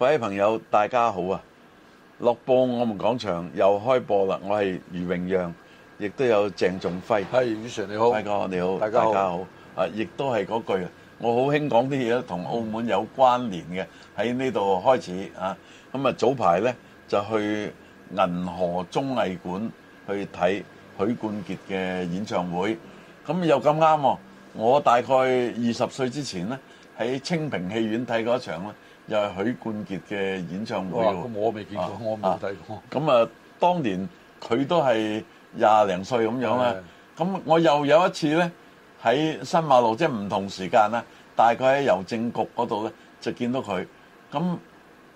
各位朋友，大家好啊！樂播，我們講場又開播啦！我係余榮讓，亦都有鄭仲輝。係、哎，余 Sir 你好，大家好，你好，大家好。啊，亦都係嗰句，我好興講啲嘢，同澳門有關聯嘅，喺呢度開始啊。咁啊，早排咧就去銀河綜藝館去睇許冠傑嘅演唱會。咁又咁啱喎，我大概二十歲之前咧，喺清平戲院睇過一場啦。又係許冠傑嘅演唱會，咁我未見過、啊，我未睇過、啊。咁啊，啊，啊，當年佢都係廿零歲咁樣啦。咁我又有一次咧，喺新馬路，即係唔同時間啦，大概喺郵政局嗰度咧，就見到佢。咁、啊、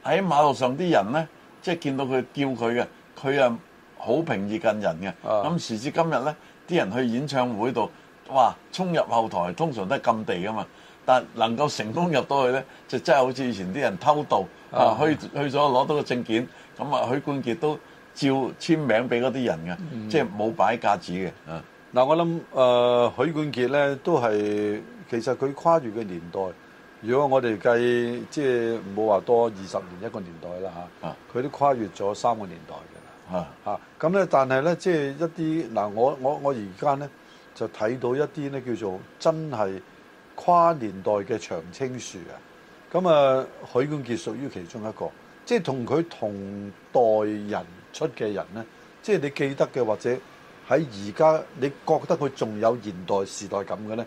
喺、啊、馬路上啲人咧，即、就、係、是、見到佢叫佢嘅，佢啊好平易近人嘅。咁、啊啊、時至今日咧，啲人去演唱會度，哇，衝入後台，通常都係禁地噶嘛。但能夠成功入到去咧，就真係好似以前啲人偷渡啊，去去咗攞到個證件，咁啊，許冠傑都照簽名俾嗰啲人嘅，嗯、即係冇擺架子嘅啊。嗱、啊，我諗誒、呃，許冠傑咧都係其實佢跨越嘅年代，如果我哋計即係唔好話多二十年一個年代啦，佢、啊、都跨越咗三個年代嘅嚇咁咧，但係咧，即係一啲嗱、啊，我我我而家咧就睇到一啲咧叫做真係。跨年代嘅長青樹啊！咁啊，許冠傑屬於其中一個，即係同佢同代人出嘅人咧，即係你記得嘅或者喺而家你覺得佢仲有現代時代感嘅咧，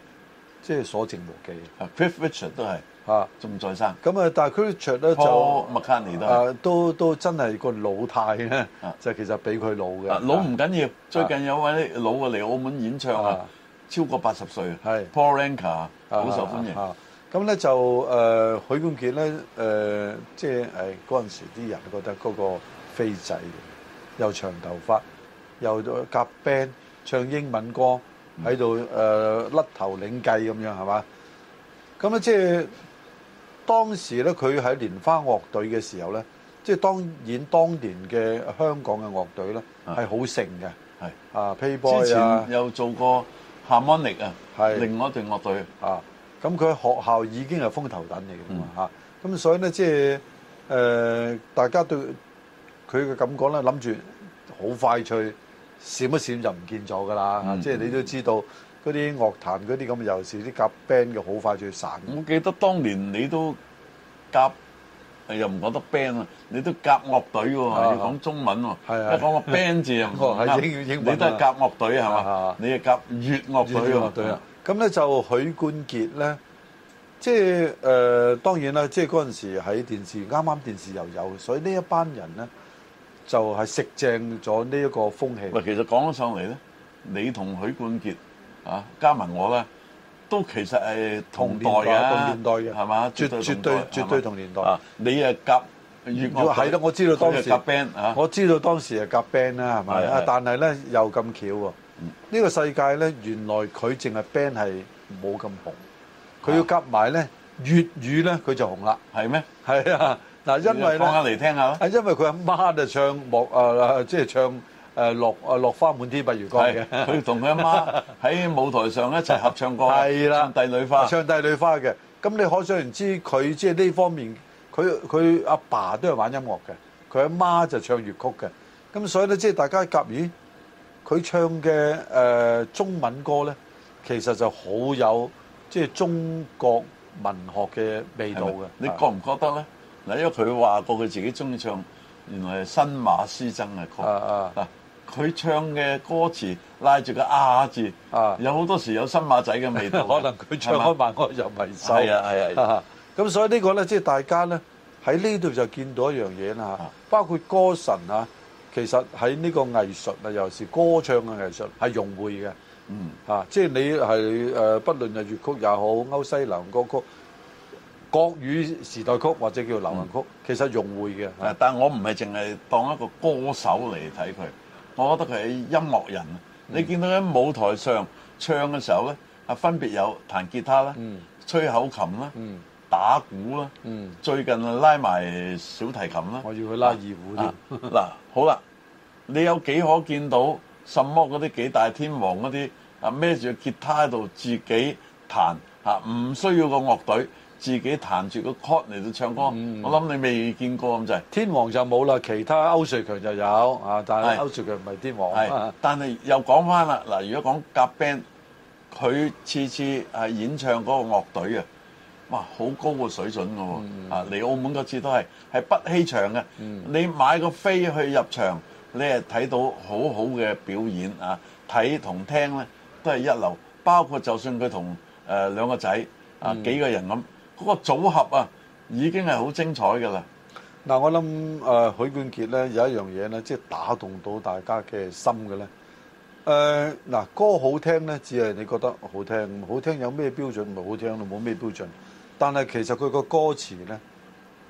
即係所剩無幾是啊。Cliff Richard 都係啊，仲在生。咁、oh, 啊，但係佢咧就麥卡尼都都都真係個老態咧，啊、就其實比佢老嘅、啊、老唔緊要。啊、最近有位老嘅嚟澳門演唱啊。啊超過八十歲係是 Paul Anka，好受歡迎。咁咧、啊啊、就誒、呃、許冠傑咧誒，即係誒嗰陣時啲人覺得嗰個飛仔，又長頭髮，又夾 band 唱英文歌，喺度誒甩頭領髻咁樣係嘛？咁咧即係當時咧佢喺蓮花樂隊嘅時候咧，即、就、係、是、當演當年嘅香港嘅樂隊咧，係好、啊、盛嘅。係啊，Payboy 之前又做過。Harmony 啊，Harmonic, 是另外一隊樂隊啊，咁佢喺學校已經係風頭等嚟嘅嘛嚇。咁、嗯啊、所以咧即係誒、呃，大家對佢嘅感覺咧，諗住好快脆閃一閃就唔見咗㗎啦，嗯、即係你都知道嗰啲樂壇嗰啲咁嘅，尤其係啲夾 band 嘅好快脆散。我記得當年你都夾。又唔講得 band 你都夾樂隊喎、啊，要講是、啊、中文喎、啊，你講是、啊、個 band 是、啊、字英、啊、你都係夾樂隊係嘛？是啊、你係夾粵樂隊喎，啊。咁咧是、啊、就許冠傑咧，即係誒、呃、當然啦，即係嗰陣時喺電視啱啱電視又有，所以呢一班人咧就係、是、食正咗呢一個風氣。其實講咗上嚟咧，你同許冠傑啊，加埋我咧。都其實係同年代嘅，同年代嘅，係嘛？絕對絕對絕對同年代。你誒夾粵語係咯，我知道當時夾 band 啊，我知道當時誒夾 band 啦，係嘛？但係咧又咁巧喎，呢個世界咧原來佢淨係 band 係冇咁紅，佢要夾埋咧粵語咧佢就紅啦，係咩？係啊，嗱，因為咧，放嚟聽下啦。因為佢阿媽就唱莫誒，即係唱。誒落落花滿天不如歌嘅，佢同佢阿媽喺舞台上一齊合唱歌， 的唱帝女花，唱帝女花嘅。咁你可想而知，佢即係呢方面，佢佢阿爸都係玩音樂嘅，佢阿媽就唱粵曲嘅。咁所以咧，即係大家夾咦，佢唱嘅誒、呃、中文歌咧，其實就好有即係中國文學嘅味道嘅。你覺唔覺得咧？嗱是，因為佢話過佢自己中意唱，原來係新馬師曾嘅曲。啊啊佢唱嘅歌詞拉住個啊字，有好多時有新馬仔嘅味道。 可能佢唱開慢歌就唔係啊，係啊。咁所以個呢個咧，即、就、係、是、大家咧喺呢度就見到一樣嘢啦，包括歌神啊，其實喺呢個藝術啊，尤其是歌唱嘅藝術係融會嘅。即係、嗯啊就是、你係誒，不論係粵曲又好，歐西流行歌曲、國語時代曲或者叫流行曲，嗯、其實融會嘅。但係我唔係淨係當一個歌手嚟睇佢。我覺得佢係音樂人，你見到喺舞台上唱嘅時候咧，啊分別有彈吉他啦，嗯、吹口琴啦，嗯、打鼓啦，嗯、最近拉埋小提琴啦，我要去拉二胡嗱， 好啦，你有幾可見到什麼嗰啲幾大天王嗰啲啊孭住吉他喺度自己彈，嚇唔需要個樂隊。自己彈住個 chord 嚟到唱歌，嗯、我諗你未見過咁滯。就是、天王就冇啦，其他區瑞強就有啊。但係區瑞強唔係天王。係， 但係又講翻啦。嗱，如果講夾 band，佢次次演唱嗰個樂隊啊，哇，好高個水準㗎喎。嗯、啊，嚟澳門嗰次都係係不欺場嘅。嗯、你買個飛去入場，你係睇到好好嘅表演啊。睇同聽咧都係一流。包括就算佢同誒兩個仔啊、嗯、幾個人咁。嗰個組合啊，已經係好精彩㗎啦！嗱，我諗誒許冠傑咧有一樣嘢咧，即係打動到大家嘅心嘅咧。誒嗱，歌好聽咧，只係你覺得好聽，好聽有咩標準唔好聽都冇咩標準。但係其實佢個歌詞咧，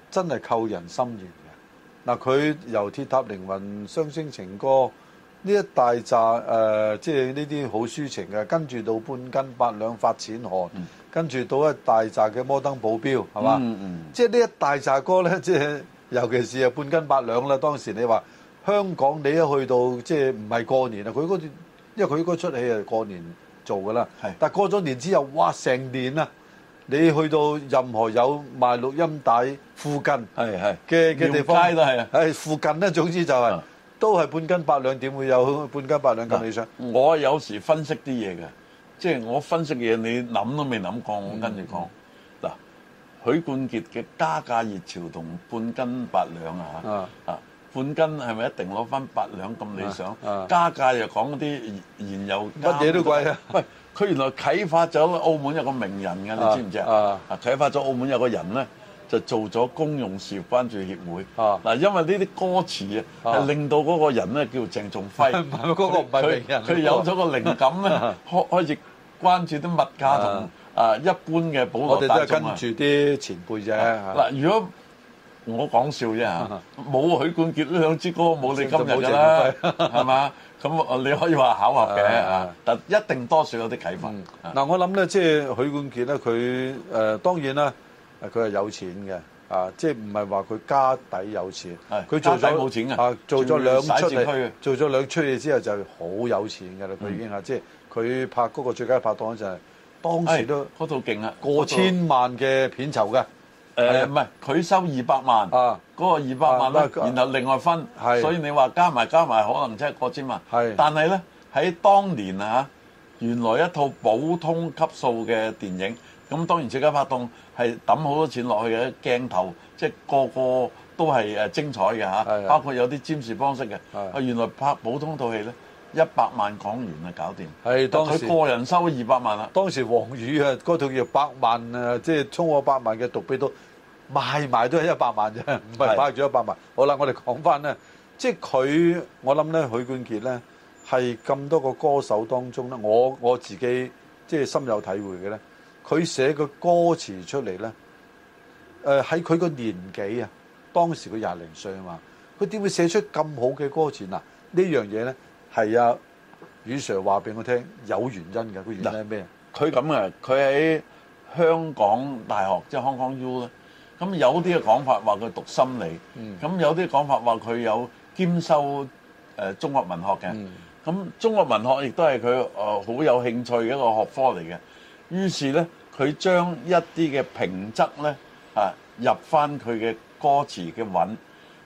真係扣人心弦嘅。嗱，佢由《鐵塔凌雲》《雙星情歌》呢一大紮誒，即係呢啲好抒情嘅，跟住到《半斤八兩》《發錢汗》。跟住到一大扎嘅摩登保鏢，係嘛？嗯嗯。即係呢一大紮歌咧，即係尤其是啊半斤八兩啦。當時你話香港，你一去到即係唔係過年啦？佢嗰段，因為佢嗰出戲係過年做㗎啦。係。但係過咗年之後，哇！成年啊，你去到任何有賣錄音帶附近係係嘅嘅地方，廟街都係啊。係附近咧，總之就係都係半斤八兩，點會有半斤八兩咁你想？我有時分析啲嘢㗎。即係我分析嘢，你諗都未諗過，我跟住講嗱，許冠傑嘅加價熱潮同半斤八兩啊嚇啊半斤係咪一定攞翻八兩咁理想？加價又講啲燃油乜嘢都貴啊！喂，佢原來啟發咗澳門有個名人嘅，你知唔知啊？啊，啟發咗澳門有個人咧，就做咗公用事業關注協會嗱，因為呢啲歌詞啊，令到嗰個人咧叫鄭仲輝，唔唔係名人，佢有咗個靈感啊。開開始。關注啲物價同啊一般嘅保，我哋都係跟住啲前輩啫。嗱，如果我講笑啫嚇，冇許冠傑呢兩支歌冇你今日㗎啦，係嘛？咁你可以話巧合嘅嚇，但一定多少有啲啟發。嗱，我諗咧，即係許冠傑咧，佢誒當然啦，佢係有錢嘅啊，即係唔係話佢家底有錢？佢做咗冇錢㗎，做咗兩出嚟，做咗兩出嚟之後就好有錢㗎啦，佢已經係即係。佢拍嗰個最佳拍檔就係當時都嗰套勁啊，過千萬嘅片酬㗎，哎。誒唔係佢收二百萬啊萬，嗰個二百萬啦，然後另外分，啊、所以你話加埋加埋可能真係過千萬。是的 但係咧喺當年啊，原來一套普通級數嘅電影，咁當然最佳拍檔係揼好多錢落去嘅，鏡頭即係個個都係精彩嘅嚇，包括有啲占士邦式嘅。啊，原來拍普通套戲咧。一百萬港元啊！搞掂係當佢個人收二百萬啦。當時黃宇啊，嗰套叫《百萬啊》，即係充我百萬嘅毒俾到賣埋都係一百萬啫，唔係賣咗一百萬。是的 好啦，我哋講翻咧，即係佢我諗咧，許冠傑咧係咁多個歌手當中咧，我我自己即係、就是、深有體會嘅咧，佢寫個歌詞出嚟咧，誒喺佢個年紀啊，當時佢廿零歲啊嘛，佢點會寫出咁好嘅歌詞嗱？樣呢樣嘢咧？係啊，余 Sir 話俾我聽有原因嘅，佢原因係咩？佢咁啊，佢喺香港大學即係 Hong Kong U 咧，咁有啲嘅講法話佢讀心理，咁、嗯、有啲講法話佢有兼修、呃、中國文學嘅，咁、嗯、中國文學亦都係佢好有興趣嘅一個學科嚟嘅。於是咧，佢將一啲嘅平仄咧啊入翻佢嘅歌詞嘅韻，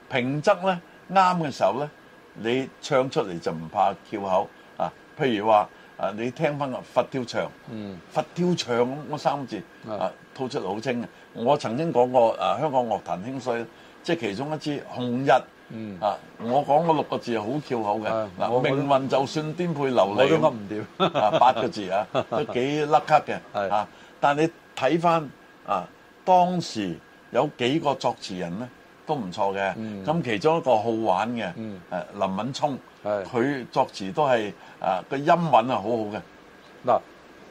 平仄咧啱嘅時候咧。你唱出嚟就唔怕翹口啊！譬如話啊，你聽翻個佛跳牆，嗯、佛跳牆咁嗰三個字、嗯、啊，吐出嚟好清嘅。我曾經講過啊，香港樂壇興衰，即係其中一支紅日、嗯、啊，我講嗰六個字係好翹口嘅嗱，命運就算顛沛流離，都覺得唔掂啊，八個字啊都幾甩咳嘅 的啊！但係你睇翻啊，當時有幾個作詞人咧？都唔錯嘅，咁、嗯、其中一個好玩嘅，誒、嗯、林敏聰，佢是的 作詞都係誒個音韻啊，好好嘅。嗱，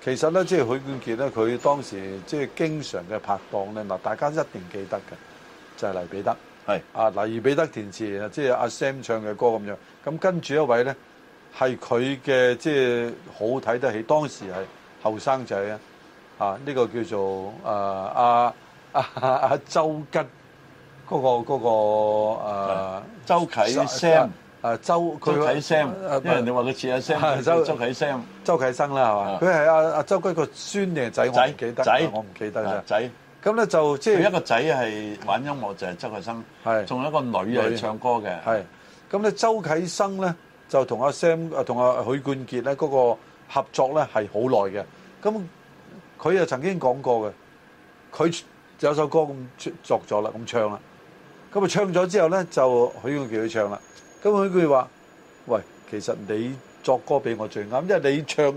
其實咧，即係許冠傑咧，佢當時即係經常嘅拍檔咧，嗱，大家一定記得嘅就係、是、黎彼得，係啊，黎彼得填詞啊，即係阿 Sam 唱嘅歌咁樣。咁跟住一位咧，係佢嘅即係好睇得起，當時係後生仔啊，啊呢個叫做誒阿阿周吉。嗰個嗰個周啟 Sam 誒周佢周啟 Sam，因為人哋話佢似阿 Sam，周啟啟 Sam，周啟生啦，係嘛？佢係阿阿周吉個孫靚仔，我記得仔，我唔記得啦仔。咁咧就即係一個仔係玩音樂就係周啟生，係仲有一個女係唱歌嘅，係咁咧。周啟生咧就同阿 Sam 誒同阿許冠傑咧嗰個合作咧係好耐嘅。咁佢又曾經講過嘅，佢有首歌咁作咗啦，咁唱啦。咁佢唱咗之後咧，就許冠傑去唱啦。咁佢佢話：喂，其實你作歌俾我最啱，因為你唱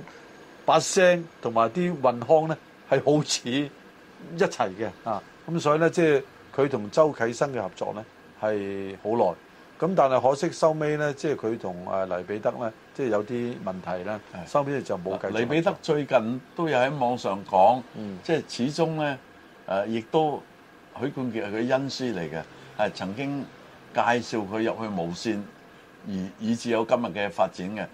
把聲同埋啲韻腔咧係好似一齊嘅啊。咁所以咧，即係佢同周啟生嘅合作咧係好耐。咁但係可惜收尾咧，即係佢同阿黎彼得咧，即係有啲問題啦。收尾就冇繼續。黎彼得最近都有喺網上講，即係始終咧，誒亦都許冠傑係佢恩師嚟嘅。係曾經介紹佢入去無線，而以至有今日嘅發展嘅。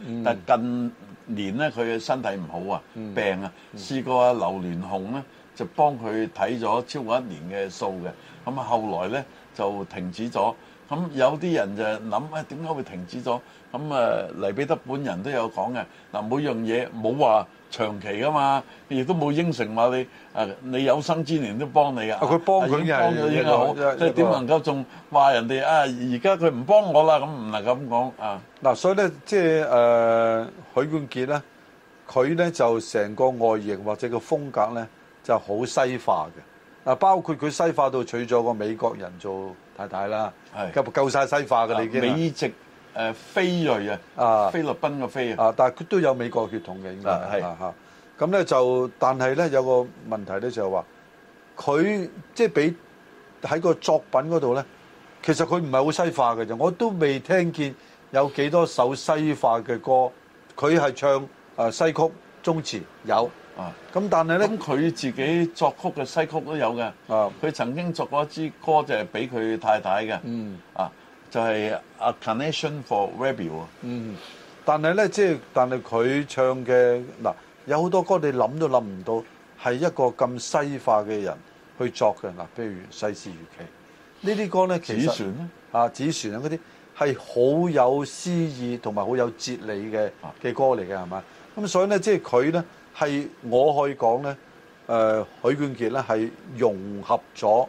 但近年咧，佢嘅身體唔好啊，病啊，試、嗯嗯、過啊，劉連雄咧就幫佢睇咗超過一年嘅數嘅。咁啊，後來咧就停止咗。咁有啲人就諗啊，點解會停止咗？咁啊，黎彼得本人都有講嘅。嗱，每樣嘢冇話。長期㗎嘛，亦都冇應承話你，誒你有生之年都幫你啊！佢幫佢又幫咗，應該好，即係點能夠仲話人哋啊？而家佢唔幫我啦，咁唔係咁講啊！嗱，所以咧，即係誒許冠傑咧，佢咧就成個外形或者個風格咧就好西化嘅。嗱，包括佢西化到娶咗個美國人做太太啦，係夠夠晒西化嘅、啊、你已經。美籍誒非裔啊，啊菲律賓嘅菲啊，但係佢都有美國血統嘅，應該係嚇。咁咧的、啊嗯、就，但係咧有個問題咧就係、是、話，佢即係俾喺個作品嗰度咧，其實佢唔係好西化嘅啫。我都未聽見有幾多首西化嘅歌，佢係唱誒西曲，中詞有啊。咁但係咧，佢自己作曲嘅西曲都有嘅。啊，佢曾經作過一支歌就係俾佢太太嘅。嗯啊。就係 a connection for radio。嗯，但係咧，即係但係佢唱嘅嗱，有好多歌你諗都諗唔到，係一個咁西化嘅人去作嘅嗱，譬如《世事如棋》呢啲歌咧，其實啊，《紫璇》啊嗰啲係好有詩意同埋好有哲理嘅嘅歌嚟嘅，係嘛？咁所以咧，即係佢咧係我可以講咧，誒、呃、許冠傑咧係融合咗。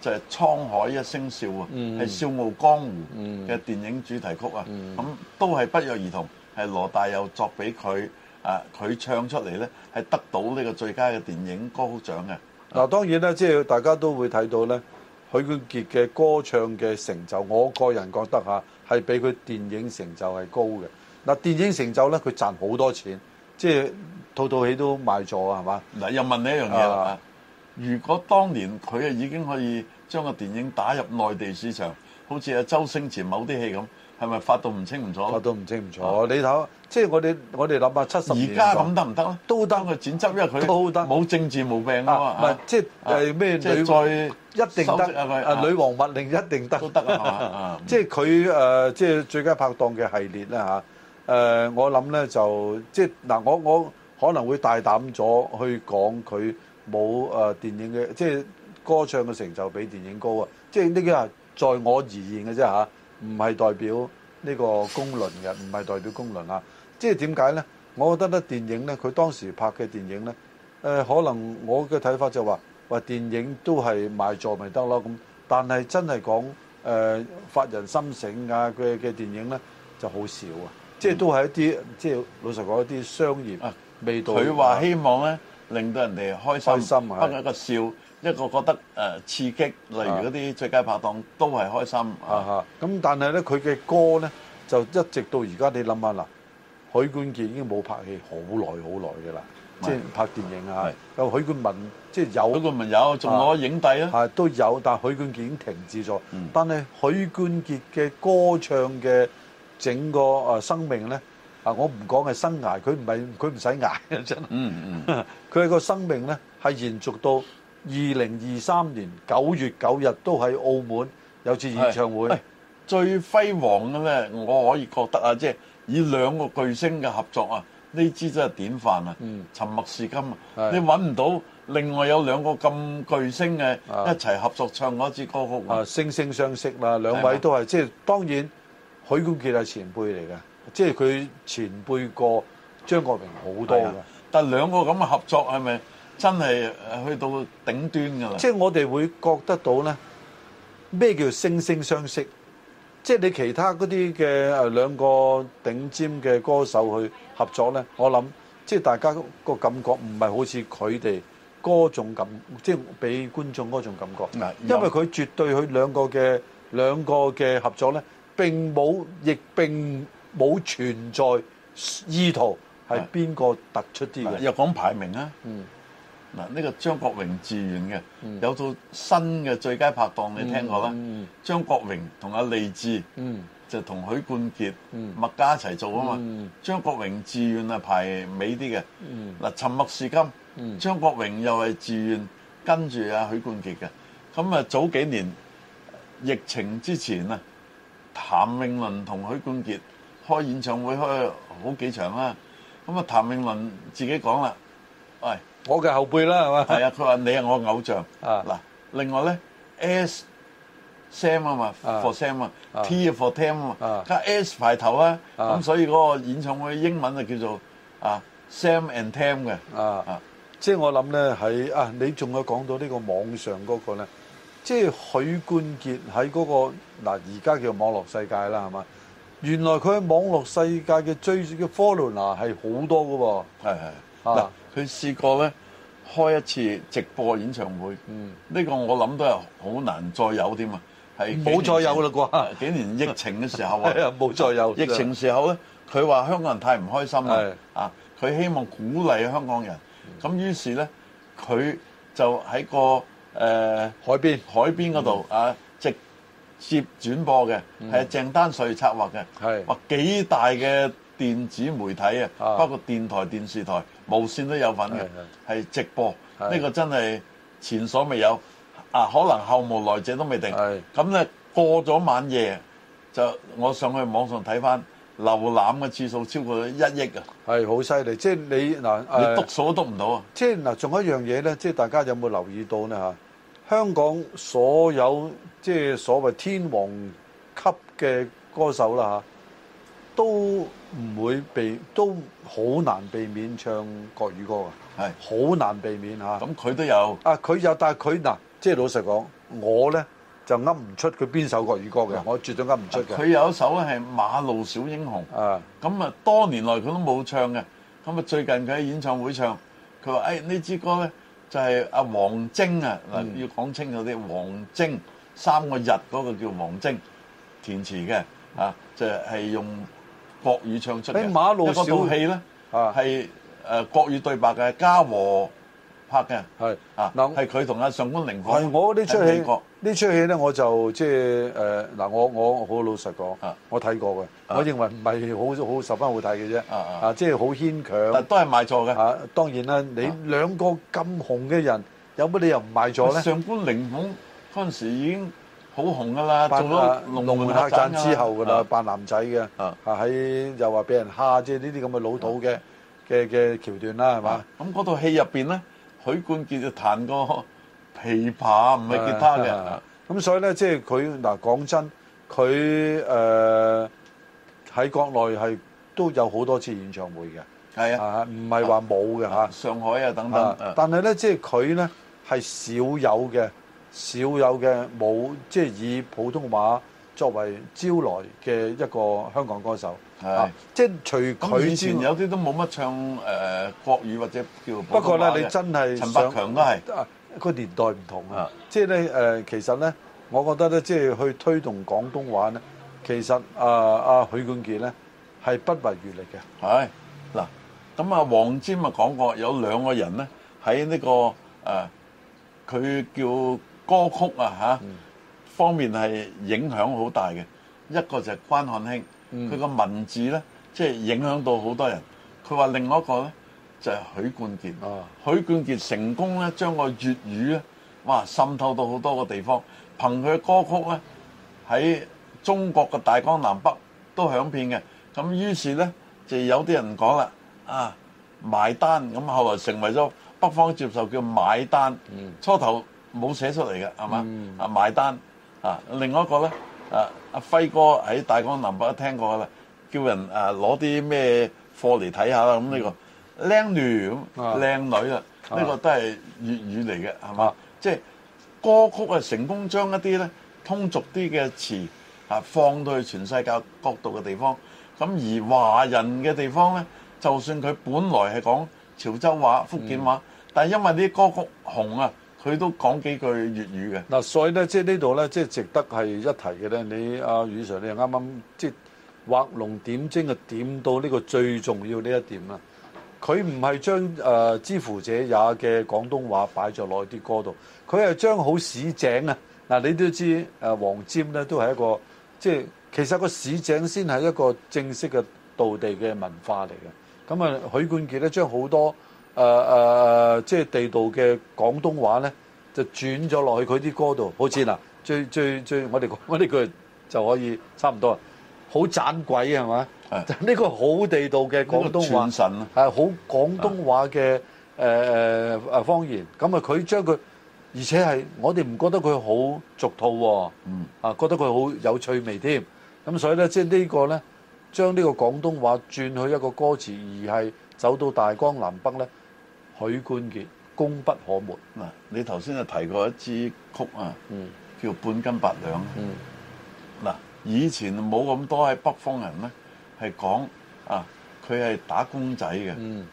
就係《滄海一聲笑》啊，係《笑傲江湖》嘅電影主題曲啊，咁、嗯嗯嗯、都係不約而同係羅大佑作俾佢啊，佢唱出嚟咧係得到呢個最佳嘅電影歌曲獎嘅。嗱，當然啦，即係大家都會睇到咧，許冠傑嘅歌唱嘅成就，我個人覺得嚇係比佢電影成就係高嘅。嗱，電影成就咧，佢賺好多錢，即係套套戲都賣座啊，係嘛？嗱，又問你一樣嘢啦。呃如果當年佢啊已經可以將個電影打入內地市場，好似阿周星馳某啲戲咁，係咪發到唔清唔楚？發到唔清唔楚，你睇，即係我哋我哋諗下七十而家咁得唔得咯？都得個剪輯，因為佢冇政治毛病啊。唔係，即係咩？再一定得啊！女王密令一定得都得啊！即係佢誒，即係最佳拍檔嘅系列啦嚇。誒，我諗咧就即係嗱，我我可能會大膽咗去講佢。冇誒電影嘅，即係歌唱嘅成就比電影高啊！即係呢啲啊，在我而言嘅啫吓，唔係代表呢個公論嘅，唔係代表公論啊！即係點解咧？我覺得咧，電影咧，佢當時拍嘅電影咧，誒可能我嘅睇法就話，話電影都係賣座咪得咯咁。但係真係講誒發人心醒啊嘅嘅電影咧，就好少啊！即係都係一啲，即係、嗯、老實講一啲商業啊味道。佢話希望咧。令到人哋開心，得一個笑，一個覺得誒刺激。例如嗰啲最佳拍檔是都係開心。啊咁但係咧，佢嘅歌咧就一直到而家，你諗下啦，許冠傑已經冇拍戲好耐好耐㗎啦，即係是拍電影啊。有是是許冠文即係、就是、有，是許冠文有，仲攞影帝啊。都有，但係許冠傑已經停止咗。嗯、但係許冠傑嘅歌唱嘅整個誒生命咧。啊！我唔講係生涯，佢唔係佢唔使捱嘅真。嗯嗯，佢個生命咧係延續到二零二三年九月九日都喺澳門有次演唱會。最輝煌嘅咩？我可以覺得啊，即係以兩個巨星嘅合作啊，呢支真係典範啊！沉默是金啊，你揾唔到另外有兩個咁巨星嘅一齊合作唱嗰支歌曲。啊，惺惺相惜啦，兩位都係即係當然，許冠傑係前輩嚟嘅。即係佢前輩過張國榮好多噶，但兩個咁嘅合作係咪真係去到頂端㗎啦？即係我哋會覺得到咧，咩叫惺惺相惜？即係你其他嗰啲嘅兩個頂尖嘅歌手去合作咧，我諗即係大家個感覺唔係好似佢哋嗰種感，即係俾觀眾嗰種感覺。唔係，因為佢絕對佢兩個嘅兩個嘅合作咧，並冇亦並。冇存在意圖，係邊個突出啲嘅？又講排名啊？嗯，嗱，呢個張國榮自願嘅，嗯、有套新嘅最佳拍檔你聽過啦？嗯，張國榮同阿、啊、利智，嗯，就同許冠傑、嗯、麥嘉一齊做啊嘛。嗯，張國榮自願啊排尾啲嘅。嗯，嗱，沉默是金。嗯，張國榮又係自願跟住阿許冠傑嘅。咁啊，早幾年疫情之前啊，譚詠麟同許冠傑。開演唱會開好幾場啦，咁啊譚詠麟自己講啦，喂，我嘅後輩啦係嘛，係啊，佢話你係我偶像，嗱，另外咧，S Sam 啊嘛，for Sam 啊，T for Tim 啊，加 S 排頭啦，咁所以嗰個演唱會英文就叫做啊 Sam and Tim 嘅，啊啊，即係我諗咧喺啊，你仲有講到呢個網上嗰個咧，即係許冠傑喺嗰個嗱而家叫網絡世界啦係嘛。原來佢喺網絡世界嘅追嘅 follower 係好多㗎喎，係係嗱，佢試過咧開一次直播演唱會，呢個我諗都係好難再有添啊，係冇再有啦啩？幾年疫情嘅時候啊，冇再有疫情時候咧，佢話香港人太唔開心啦，啊，佢希望鼓勵香港人，咁於是咧佢就喺個誒海邊海邊嗰度啊。接轉播嘅係鄭丹瑞策劃嘅，話、嗯、幾大嘅電子媒體啊，是包括電台、電視台、無線都有份嘅，係直播，呢是個真係前所未有。啊，可能後無來者都未定。咁咧是過咗晚夜就我上去網上睇翻，瀏覽嘅次數超過一億啊，係好犀利。即係你嗱，呃、你篤數都篤唔到啊即、呃。即係嗱，仲有一樣嘢咧，即係大家有冇留意到呢吓？香港所有即係所謂天王級嘅歌手啦吓，都唔會避，都好難避免唱國語歌啊，係，好難避免吓。咁佢都有啊，佢有，但係佢嗱，即係老實講，我咧就呃唔出佢邊首國語歌嘅，我絕對呃唔出嘅。佢有一首咧係《馬路小英雄》啊，咁啊係，多年來佢都冇唱嘅，咁啊最近佢喺演唱會唱，佢話誒呢支歌咧。就係阿黃晶啊，要講清楚啲，黃晶三個日嗰個叫黃晶填詞嘅，啊就係、是、用國語唱出嘅，馬路嗰套戲咧，係誒、呃、國語對白嘅嘉禾。拍嘅係啊，嗱係佢同阿上官靈鳳。係我呢出戲，呢出戲咧我就即係誒嗱，我我好老實講，我睇過嘅，我認為唔係好好十分好睇嘅啫。啊即係好牽強。都係賣座嘅。啊，當然啦，你兩個咁紅嘅人，有乜理由唔賣座咧？上官靈鳳嗰陣時已經好紅噶啦，做咗龍門客棧之後噶啦，扮男仔嘅。啊喺又話俾人蝦，即係呢啲咁嘅老土嘅嘅嘅橋段啦，係嘛？咁嗰套戲入邊咧？許冠傑就彈過琵琶唔係吉他嘅人，啊，咁，啊啊、所以咧，即係佢嗱講真，佢誒喺國內係都有好多次演唱會嘅，係啊，唔係話冇嘅嚇，上海啊等等，啊，但係咧，即係佢咧係少有嘅，少有嘅冇即係以普通話作為招來嘅一個香港歌手。係，即係除佢先，嗯、有啲都冇乜唱誒、呃、國語或者叫不過咧，你真係陳百強都係啊個年代唔同是啊，即係咧其實咧，我覺得咧，即係去推動廣東話咧，其實啊啊許冠傑咧係不遺餘力嘅。嗱，咁啊黃霑啊講過有兩個人咧喺呢、這個誒，佢、啊、叫歌曲啊，啊、嗯、方面係影響好大嘅，一個就係關漢卿。佢個、嗯、文字呢，即係影響到好多人。佢話另外一個呢，就係、是、許冠傑。啊、許冠傑成功呢，將個粵語呢，哇滲透到好多個地方。憑佢嘅歌曲呢，喺中國嘅大江南北都響遍嘅。咁於是呢，就有啲人講啦，啊埋單，咁後嚟成為咗北方接受叫買單。初頭冇寫出嚟嘅係嘛？啊埋單啊，另外一個呢。啊。阿輝哥喺大江南北都聽過啦，叫人誒攞啲咩貨嚟睇下啦，咁、嗯、呢、這個靚女咁靚女啦，呢、啊、個都係粵語嚟嘅，係嘛、啊？即係、就是、歌曲啊，成功將一啲咧通俗啲嘅詞啊放到去全世界各度嘅地方，咁而華人嘅地方咧，就算佢本來係講潮州話、福建話，嗯、但係因為啲歌曲紅啊。佢都講幾句粵語嘅嗱、啊，所以咧即係呢度咧即係值得係一提嘅咧。你阿余 Sir 你又啱啱即係畫龍點睛就點到呢個最重要呢一點啦。佢唔係將誒、呃、知乎者也嘅廣東話擺咗落啲歌度，佢係將好市井啊嗱，你都知誒黃霑咧都係一個即係其實個市井先係一個正式嘅道地嘅文化嚟嘅。咁啊，許冠傑咧將好多。誒誒、呃呃、即係地道嘅廣東話咧，就轉咗落去佢啲歌度。好似嗱，最最最，我哋我講呢句就可以差唔多啊，好盞鬼係咪？呢是 個好地道嘅廣東話，傳神好、啊、廣東話嘅方是、呃、言。咁啊，佢將佢，而且係我哋唔覺得佢好俗套喎，嗯，啊覺得佢好有趣味添。咁所以咧，即係呢個咧，將呢個廣東話轉去一個歌詞，而係走到大江南北咧。許冠傑功不可沒嗱，你頭先就提過一支曲啊，嗯、叫《半斤八兩》嗯。嗱、嗯，以前冇咁多喺北方人咧，係講啊，佢係打工仔嘅，嗯、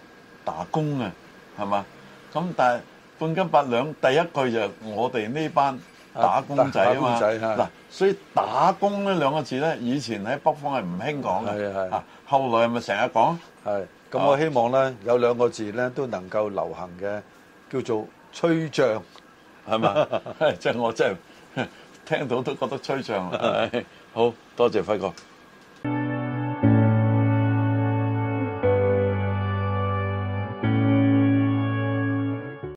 打工啊，係嘛？咁但係《半斤八兩》第一句就係我哋呢班打工仔啊嘛。嗱、啊，所以打工呢兩個字咧，以前喺北方係唔興講嘅，啊，係後來係咪成日講？係。咁我希望咧，有兩個字咧都能夠流行嘅，叫做吹漲，係嘛？即係吧 我真係聽到都覺得吹漲吧。吧好多謝輝哥。